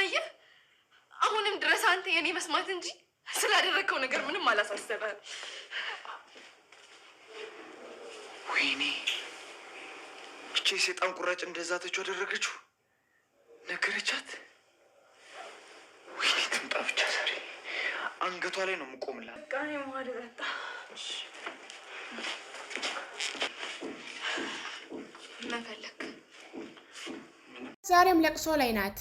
አየህ፣ አሁንም ድረስ አንተ የኔ መስማት እንጂ ስላደረግከው ነገር ምንም አላሳሰበህም። ወይኔ እቺ የሴጣን ቁራጭ እንደዛ ተች አደረገችው። ነገረቻት። ወይኔ ትምጣ ብቻ ዛሬ አንገቷ ላይ ነው የምቆምላት። ቃኔ መዋድ ጠጣ ምን ዛሬም ለቅሶ ላይ ናት።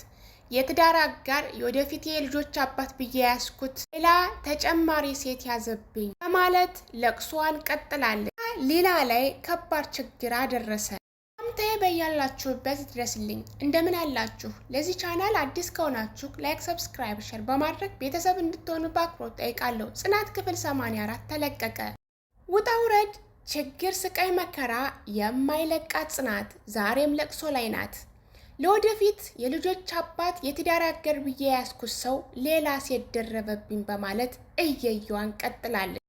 የትዳር አጋር የወደፊት የልጆች አባት ብዬ ያስኩት ሌላ ተጨማሪ ሴት ያዘብኝ በማለት ለቅሶዋን ቀጥላለች። ሌላ ላይ ከባድ ችግር አደረሰ። ሰላምታዬ በያላችሁበት ድረስልኝ። እንደምን አላችሁ? ለዚህ ቻናል አዲስ ከሆናችሁ ላይክ፣ ሰብስክራይብ፣ ሸር በማድረግ ቤተሰብ እንድትሆኑ በአክብሮት ጠይቃለሁ። ጽናት ክፍል 84 ተለቀቀ። ውጣ ውረድ፣ ችግር፣ ስቃይ፣ መከራ የማይለቃት ጽናት ዛሬም ለቅሶ ላይ ናት። ለወደፊት የልጆች አባት የትዳር አገር ብዬ ያስኩት ሰው ሌላ ሴት ደረበብኝ በማለት እየየዋን ቀጥላለች።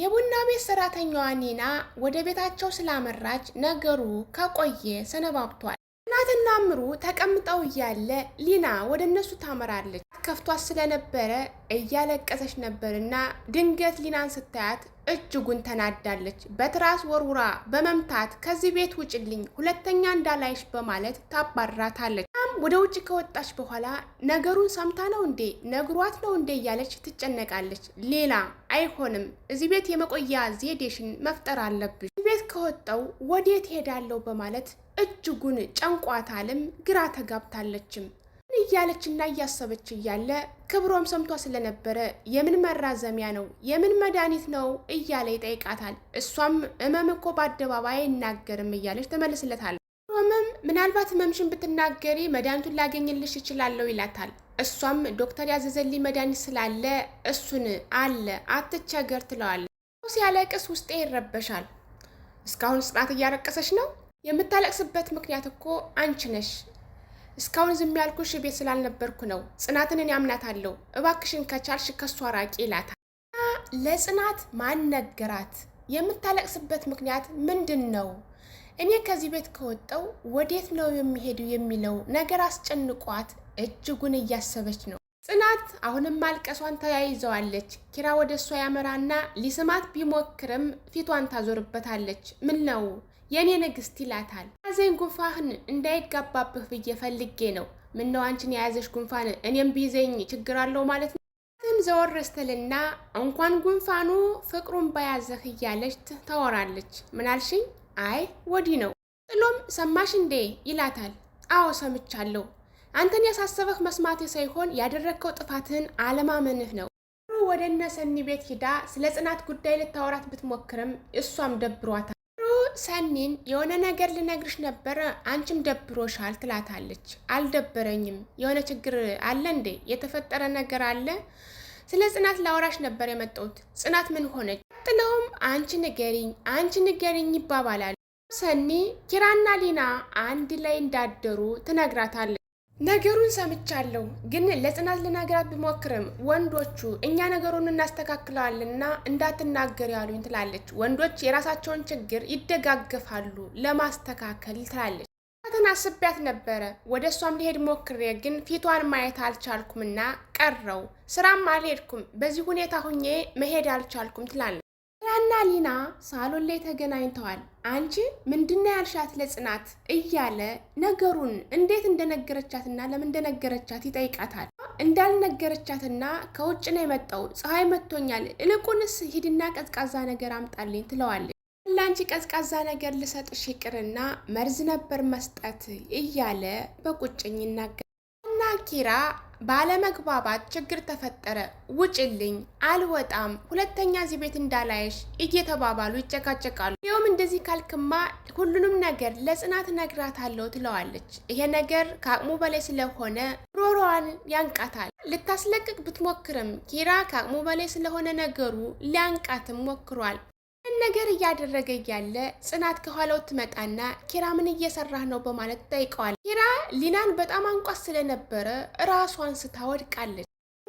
የቡና ቤት ሰራተኛዋ ኒና ወደ ቤታቸው ስላመራች ነገሩ ከቆየ ሰነባብቷል። እናትና ምሩ ተቀምጠው እያለ ሊና ወደ እነሱ ታመራለች። ከፍቷት ስለነበረ እያለቀሰች ነበርና ድንገት ሊናን ስታያት እጅጉን ተናዳለች። በትራስ ወርውራ በመምታት ከዚህ ቤት ውጭልኝ፣ ሁለተኛ እንዳላይሽ በማለት ታባራታለች። ወደ ውጭ ከወጣች በኋላ ነገሩን ሰምታ ነው እንዴ ነግሯት ነው እንዴ እያለች ትጨነቃለች። ሌላ አይሆንም፣ እዚህ ቤት የመቆያ ዜዴሽን መፍጠር አለብሽ። ቤት ከወጣው ወዴት ሄዳለሁ በማለት እጅጉን ጨንቋታልም፣ ግራ ተጋብታለችም። እያለችና እያሰበች እያለ ክብሮም ሰምቷ ስለነበረ የምን መራዘሚያ ነው የምን መድኃኒት ነው እያለ ይጠይቃታል። እሷም እመም እኮ በአደባባይ አይናገርም እያለች ተመልስለታል። ክብሮምም ምናልባት እመምሽን ብትናገሪ መድኃኒቱን ላገኝልሽ እችላለሁ ይላታል። እሷም ዶክተር ያዘዘልኝ መድኃኒት ስላለ እሱን አለ አትቸገር ትለዋለ። ሲያለቅስ ውስጤ ይረበሻል። እስካሁን ጽናት እያረቀሰች ነው። የምታለቅስበት ምክንያት እኮ አንቺ ነሽ እስካሁን ዝም ያልኩሽ ቤት ስላልነበርኩ ነው። ጽናትን እኔ አምናታለሁ። እባክሽን ከቻልሽ ከሷ ራቂ ይላታል። ለጽናት ማን ነገራት? የምታለቅስበት ምክንያት ምንድን ነው? እኔ ከዚህ ቤት ከወጣው ወዴት ነው የሚሄዱ የሚለው ነገር አስጨንቋት እጅጉን እያሰበች ነው። ጽናት አሁንም ማልቀሷን ተያይዘዋለች። ኪራ ወደ እሷ ያመራና ሊስማት ቢሞክርም ፊቷን ታዞርበታለች። ምን ነው የእኔ ንግስት ይላታል። ሐዘን ጉንፋህን እንዳይጋባብህ ብዬ ፈልጌ ነው። ምነው አንቺን የያዘሽ ጉንፋን እኔም ቢይዘኝ ችግር አለው ማለት ነው? ዝም ዘወር ስትልና እንኳን ጉንፋኑ ፍቅሩን በያዘህ እያለች ታወራለች። ምናልሽኝ? አይ ወዲህ ነው። ጥሎም ሰማሽ እንዴ ይላታል። አዎ ሰምቻለሁ። አንተን ያሳሰበህ መስማቴ ሳይሆን ያደረግከው ጥፋትን አለማመንህ ነው። ወደ እነ ሰኒ ቤት ሂዳ ስለ ጽናት ጉዳይ ልታወራት ብትሞክርም እሷም ደብሯታል። ሰኒን የሆነ ነገር ልነግርሽ ነበረ፣ አንቺም ደብሮሻል ትላታለች። አልደበረኝም። የሆነ ችግር አለ እንዴ? የተፈጠረ ነገር አለ? ስለ ጽናት ላወራሽ ነበር የመጣሁት። ጽናት ምን ሆነች? ጥለውም አንቺ ንገሪኝ፣ አንቺ ንገሪኝ ይባባላል። ሰኒ ኪራና ሊና አንድ ላይ እንዳደሩ ትነግራታለች። ነገሩን ሰምቻለሁ፣ ግን ለጽናት ልነግራት ብሞክርም ወንዶቹ እኛ ነገሩን እናስተካክለዋልና እንዳትናገር ያሉኝ ትላለች። ወንዶች የራሳቸውን ችግር ይደጋገፋሉ ለማስተካከል ትላለች። ጽናትን አስቤያት ነበረ፣ ወደ እሷም ሊሄድ ሞክሬ ግን ፊቷን ማየት አልቻልኩምና ቀረው። ስራም አልሄድኩም፣ በዚህ ሁኔታ ሁኜ መሄድ አልቻልኩም ትላለች። ሀናና ሊና ሳሎን ላይ ተገናኝተዋል። አንቺ ምንድን ያልሻት ለጽናት እያለ ነገሩን እንዴት እንደነገረቻትና ለምን እንደነገረቻት ይጠይቃታል። እንዳልነገረቻትና ከውጭ ነው የመጣው ፀሐይ መጥቶኛል፣ እልቁንስ ሂድና ቀዝቃዛ ነገር አምጣልኝ ትለዋለች። ለአንቺ ቀዝቃዛ ነገር ልሰጥሽ ይቅርና መርዝ ነበር መስጠት እያለ በቁጭኝ ይናገራል እና ኪራ ባለመግባባት ችግር ተፈጠረ። ውጭልኝ፣ አልወጣም፣ ሁለተኛ እዚህ ቤት እንዳላየሽ እየተባባሉ ይጨቃጨቃሉ። ይኸውም እንደዚህ ካልክማ ሁሉንም ነገር ለጽናት አለው ትለዋለች። ይሄ ነገር ከአቅሙ በላይ ስለሆነ ሮሮዋን ያንቃታል። ልታስለቅቅ ብትሞክርም ኪራ ከአቅሙ በላይ ስለሆነ ነገሩ ሊያንቃትም ሞክሯል። ምን ነገር እያደረገ እያለ ጽናት ከኋላው ትመጣና ኪራ ምን እየሰራህ ነው በማለት ጠይቀዋል። ኪራ ሊናን በጣም አንቋስ ስለነበረ ራሷን ስታወድቃለች።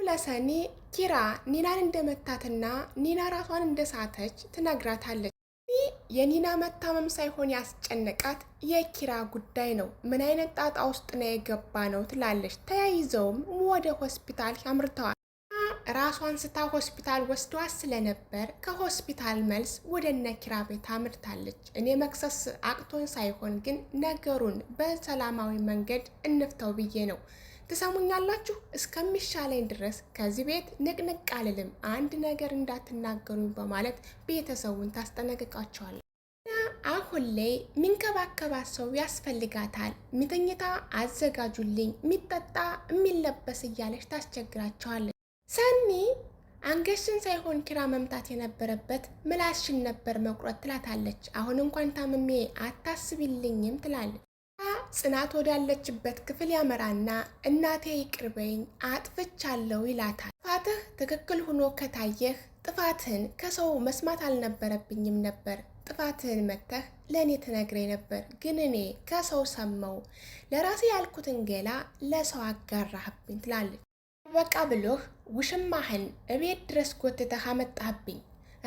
ለሰኒ ኪራ ኒናን እንደመታትና ኒና ራሷን እንደሳተች ትነግራታለች። የኒና መታመም ሳይሆን ያስጨነቃት የኪራ ጉዳይ ነው። ምን አይነት ጣጣ ውስጥ ነው የገባ ነው ትላለች። ተያይዘውም ወደ ሆስፒታል ያምርተዋል። ራሷን ስታ ሆስፒታል ወስዷት ስለነበር ከሆስፒታል መልስ ወደ ነኪራ ቤት አምርታለች። እኔ መክሰስ አቅቶን ሳይሆን ግን ነገሩን በሰላማዊ መንገድ እንፍተው ብዬ ነው። ትሰሙኛላችሁ? እስከሚሻለኝ ድረስ ከዚህ ቤት ንቅንቅ አልልም፣ አንድ ነገር እንዳትናገሩኝ በማለት ቤተሰቡን ታስጠነቅቃቸዋለች። አሁን ላይ ሚንከባከባት ሰው ያስፈልጋታል። ሚተኝታ አዘጋጁልኝ፣ ሚጠጣ የሚለበስ እያለች ታስቸግራቸዋለች። ሰኒ አንገሽን ሳይሆን ኪራ መምታት የነበረበት ምላስሽን ነበር መቁረጥ ትላታለች። አሁን እንኳን ታምሜ አታስቢልኝም ትላለች። ጽናት ወዳለችበት ክፍል ያመራና እናቴ ይቅርበኝ አጥፍቻለሁ ይላታል። ጥፋትህ ትክክል ሆኖ ከታየህ ጥፋትህን ከሰው መስማት አልነበረብኝም ነበር ጥፋትህን መተህ ለእኔ ትነግሬ ነበር፣ ግን እኔ ከሰው ሰማው ለራሴ ያልኩትን ገላ ለሰው አጋራህብኝ ትላለች። በቃ ብሎህ ውሽማህን እቤት ድረስ ጎትተህ አመጣህብኝ።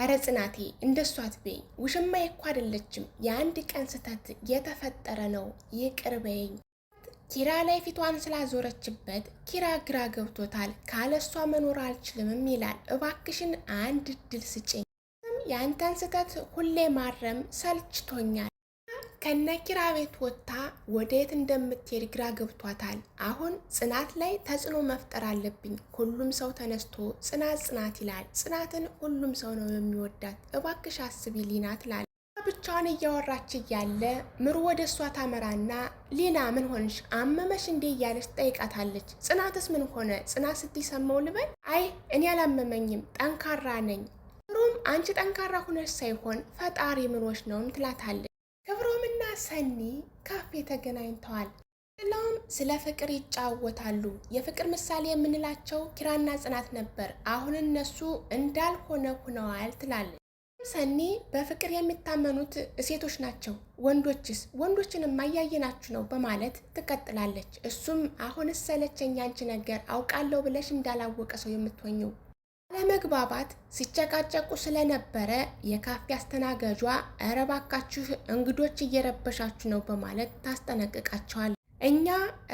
አረ ጽናቴ እንደሷ አትበይኝ። ውሽማ እኮ አይደለችም። የአንድ ቀን ስህተት የተፈጠረ ነው። ይቅር በይኝ። ኪራ ላይ ፊቷን ስላዞረችበት ኪራ ግራ ገብቶታል። ካለሷ መኖር አልችልምም ይላል። እባክሽን አንድ እድል ስጭኝ። ያንተን ስህተት ሁሌ ማረም ሰልችቶኛል። ከነኪራ ቤት ወጥታ ወደየት እንደምትሄድ ግራ ገብቷታል። አሁን ጽናት ላይ ተጽዕኖ መፍጠር አለብኝ። ሁሉም ሰው ተነስቶ ጽናት ጽናት ይላል። ጽናትን ሁሉም ሰው ነው የሚወዳት። እባክሽ አስቢ ሊና ትላል። ብቻዋን እያወራች እያለ ምሩ ወደ እሷ ታመራና ሊና ምን ሆንሽ አመመሽ እንዴ እያለች ትጠይቃታለች። ጽናትስ ምን ሆነ ጽናት ስትሰማው ልበል አይ እኔ አላመመኝም ጠንካራ ነኝ። ምሩም አንቺ ጠንካራ ሁነሽ ሳይሆን ፈጣሪ ምኖች ነውም ትላታለች። ሰኒ ካፌ ተገናኝተዋል። እናም ስለ ፍቅር ይጫወታሉ። የፍቅር ምሳሌ የምንላቸው ኪራና ጽናት ነበር። አሁን እነሱ እንዳልሆነ ሆነዋል ትላለች ሰኒ። በፍቅር የሚታመኑት ሴቶች ናቸው፣ ወንዶችስ? ወንዶችን የማያየናችሁ ነው በማለት ትቀጥላለች። እሱም አሁን ሰለቸኝ፣ አንቺ ነገር አውቃለሁ ብለሽ እንዳላወቀ ሰው የምትሆኝው አለመግባባት ሲጨቃጨቁ ስለነበረ የካፌ አስተናጋጇ እረ ባካችሁ እንግዶች እየረበሻችሁ ነው በማለት ታስጠነቅቃቸዋል። እኛ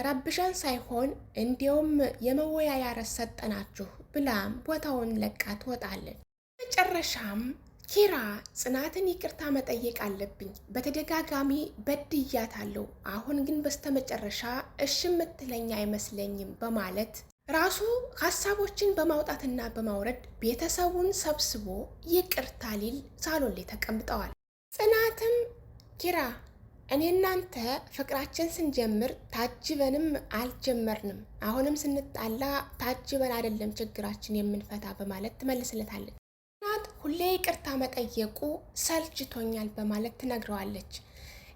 ረብሸን ሳይሆን እንዲያውም የመወያያ ርዕስ ሰጠናችሁ ብላም ቦታውን ለቃ ትወጣለች። መጨረሻም ኪራ ጽናትን ይቅርታ መጠየቅ አለብኝ፣ በተደጋጋሚ በድያታለሁ፣ አሁን ግን በስተመጨረሻ እሽ የምትለኝ አይመስለኝም በማለት ራሱ ሀሳቦችን በማውጣትና በማውረድ ቤተሰቡን ሰብስቦ ይቅርታ ሊል ሳሎን ላይ ተቀምጠዋል። ጽናትም ኪራ እኔ እናንተ ፍቅራችን ስንጀምር ታጅበንም አልጀመርንም፣ አሁንም ስንጣላ ታጅበን አይደለም ችግራችን የምንፈታ በማለት ትመልስለታለች። ጽናት ሁሌ ይቅርታ መጠየቁ ሰልችቶኛል በማለት ትነግረዋለች።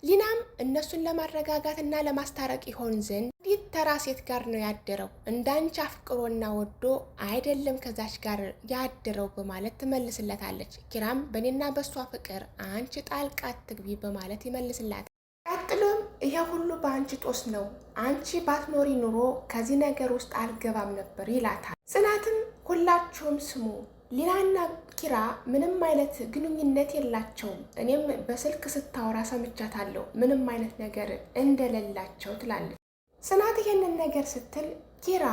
ሊናም እነሱን ለማረጋጋትና ለማስታረቅ ይሆን ዘንድ ተራ ሴት ጋር ነው ያደረው፣ እንዳንቺ አፍቅሮና ወዶ አይደለም ከዛች ጋር ያደረው በማለት ትመልስለታለች። ኪራም በእኔና በእሷ ፍቅር አንቺ ጣልቃ አትግቢ በማለት ይመልስላታል። ቀጥሎም ይሄ ሁሉ በአንቺ ጦስ ነው፣ አንቺ ባትኖሪ ኑሮ ከዚህ ነገር ውስጥ አልገባም ነበር ይላታል። ጽናትም ሁላችሁም ስሙ ሊናና ኪራ ምንም አይነት ግንኙነት የላቸውም። እኔም በስልክ ስታወራ ሰምቻታለሁ ምንም አይነት ነገር እንደሌላቸው ትላለች። ጽናት ይህንን ነገር ስትል ኪራ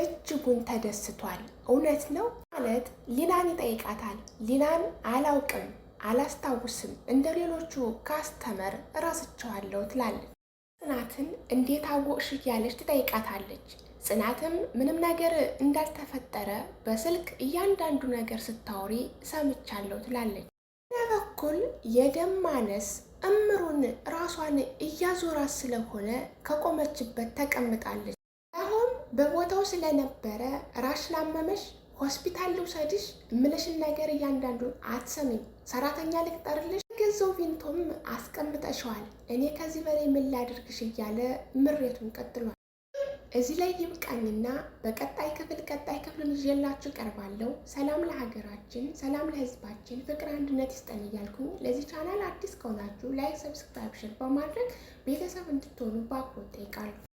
እጅጉን ተደስቷል። እውነት ነው ማለት ሊናን ይጠይቃታል። ሊናን አላውቅም፣ አላስታውስም እንደ ሌሎቹ ካስተመር እረስቸዋለሁ ትላለች። ጽናትን እንዴት አወቅሽ እያለች ትጠይቃታለች። ጽናትም ምንም ነገር እንዳልተፈጠረ በስልክ እያንዳንዱ ነገር ስታወሪ ሰምቻለሁ ትላለች። በኩል የደም ማነስ እምሩን ራሷን እያዞራ ስለሆነ ከቆመችበት ተቀምጣለች። አሁን በቦታው ስለነበረ ራሽ ላመመሽ ሆስፒታል ልውሰድሽ እምልሽን ነገር እያንዳንዱን አትሰሚም፣ ሰራተኛ ልቅጠርልሽ፣ ገዘው ቪንቶም አስቀምጠሸዋል፣ እኔ ከዚህ በላይ ምን ላድርግሽ እያለ ምሬቱን ቀጥሏል። እዚህ ላይ ይብቃኝና በቀጣይ ክፍል ቀጣይ ክፍል ይዤላችሁ ቀርባለሁ። ሰላም ለሀገራችን፣ ሰላም ለሕዝባችን፣ ፍቅር አንድነት ይስጠን እያልኩኝ ለዚህ ቻናል አዲስ ከሆናችሁ ላይክ፣ ሰብስክራይብ፣ ሼር በማድረግ ቤተሰብ እንድትሆኑ በአክብሮት ጠይቃለሁ።